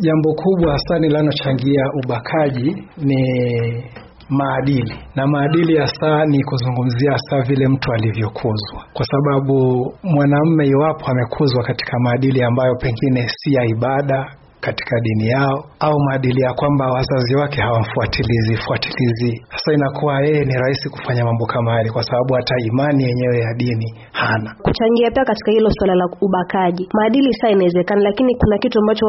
Jambo kubwa hasa linalochangia ubakaji ni maadili na maadili hasa ni kuzungumzia hasa vile mtu alivyokuzwa, kwa sababu mwanamume iwapo amekuzwa katika maadili ambayo pengine si ya ibada, katika dini yao au maadili ya kwamba wazazi wake hawamfuatilizi fuatilizi. Sasa inakuwa yeye ni rahisi kufanya mambo kama yale, kwa sababu hata imani yenyewe ya dini hana. Kuchangia pia katika hilo swala la ubakaji, maadili saa inawezekana, lakini kuna kitu ambacho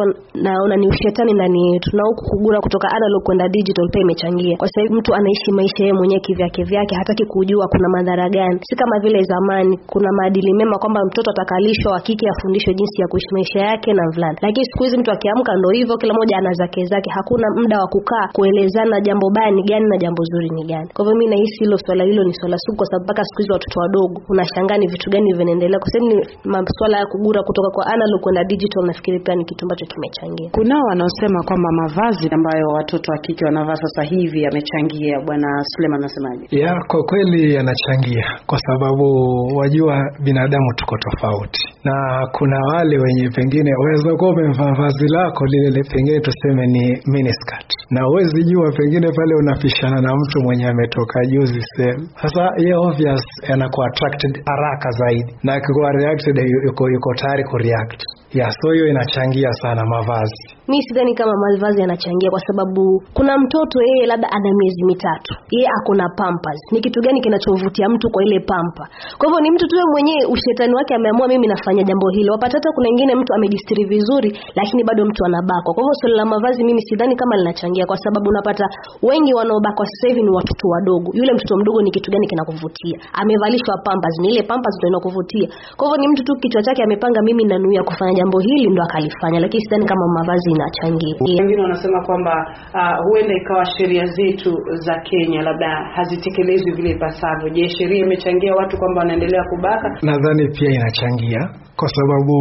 naona ni ushetani ndani yetu, na huku kugura kutoka analog kwenda digital pia imechangia, kwa sababu mtu anaishi maisha yeye mwenyewe kivyake vyake, hataki kujua kuna madhara gani. Si kama vile zamani kuna maadili mema kwamba mtoto atakalishwa wa kike afundishwe jinsi ya kuishi maisha yake na mvulana, lakini siku hizi mtu akiamka kutoka, ndo hivyo, kila mmoja ana zake zake, hakuna muda wa kukaa kuelezana jambo baya ni gani na jambo zuri ni gani. Kwa hivyo mimi nahisi hilo swala hilo ni swala sugu, kwa sababu mpaka siku hizi watoto wadogo unashangaa ni vitu gani vinaendelea, kwa sababu ni maswala ya kugura kutoka kwa analog kwenda digital. Nafikiri pia ni kitu ambacho kimechangia. Kunao wanaosema kwamba mavazi ambayo watoto wa kike wanavaa sasa hivi yamechangia. Bwana suleman anasemaje? Ya, kwa kweli yanachangia, kwa sababu wajua binadamu tuko tofauti na kuna wale wenye pengine waweza kuwa umevaa vazi lako lile pengine tuseme ni miniskirt, na huwezi jua pengine pale unapishana na mtu mwenye ametoka juzi sehemu. Sasa ye obvious anakuwa attracted haraka zaidi, na akikuwa reacted yuko yuko tayari kureact ya so hiyo inachangia sana mavazi. Mimi sidhani kama mavazi yanachangia, kwa sababu kuna mtoto yeye labda ana miezi mitatu, yeye ako na pampers. Ni kitu gani kinachovutia mtu kwa ile pampa? Kwa hivyo ni mtu tu mwenyewe ushetani wake ameamua, mimi nafanya jambo hilo. Wapata hata kuna wengine mtu amejistiri vizuri, lakini bado mtu anabakwa. Kwa hivyo swala la mavazi mimi sidhani kama linachangia, kwa sababu unapata wengi wanaobakwa sasa hivi ni watoto wadogo. Yule mtoto mdogo, ni kitu gani kinakuvutia? Amevalishwa pampers, ni ile pampers ndio inakuvutia. Kwa hivyo ni mtu tu kichwa chake amepanga, mimi nanuia kufanya jambo hili ndo akalifanya, lakini sidhani kama mavazi inachangia. Wengine wanasema kwamba uh, huenda ikawa sheria zetu za Kenya labda hazitekelezwi vile ipasavyo. Je, sheria imechangia watu kwamba wanaendelea kubaka? Nadhani pia inachangia kwa sababu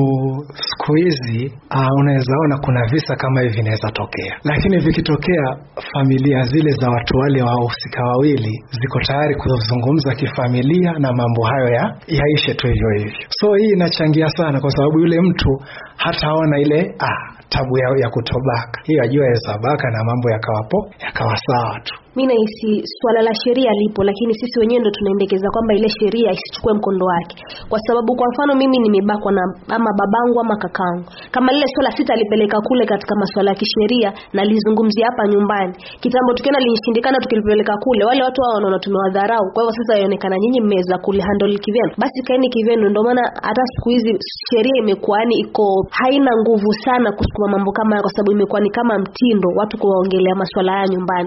siku hizi ah, unaweza ona kuna visa kama hivi vinaweza tokea, lakini vikitokea, familia zile za watu wale wahusika wawili ziko tayari kuzungumza kifamilia na mambo hayo ya yaishe tu hivyo hivyo. So hii inachangia sana, kwa sababu yule mtu hataona ile ah, tabu ya, ya kutobaka hiyo, ajua yaweza baka na mambo yakawapo yakawa sawa tu. Mi nahisi swala la sheria lipo, lakini sisi wenyewe ndo tunaendekeza kwamba ile sheria isichukue mkondo wake, kwa sababu kwa mfano mimi nimebaka kwa na ama babangu ama kakangu. Kama lile swala sita alipeleka kule katika masuala ya kisheria na lizungumzia hapa nyumbani. Kitambo tukiona linishindikana tukilipeleka kule, wale watu hao wanaona tumewadharau. Kwa hivyo sasa yaonekana nyinyi mmeweza handle kivyenu. Basi kaeni kivyenu. Ndio maana hata siku hizi sheria imekuwa ni iko haina nguvu sana kusukuma mambo kama kwa sababu imekuwa ni kama mtindo watu kuwaongelea masuala haya nyumbani.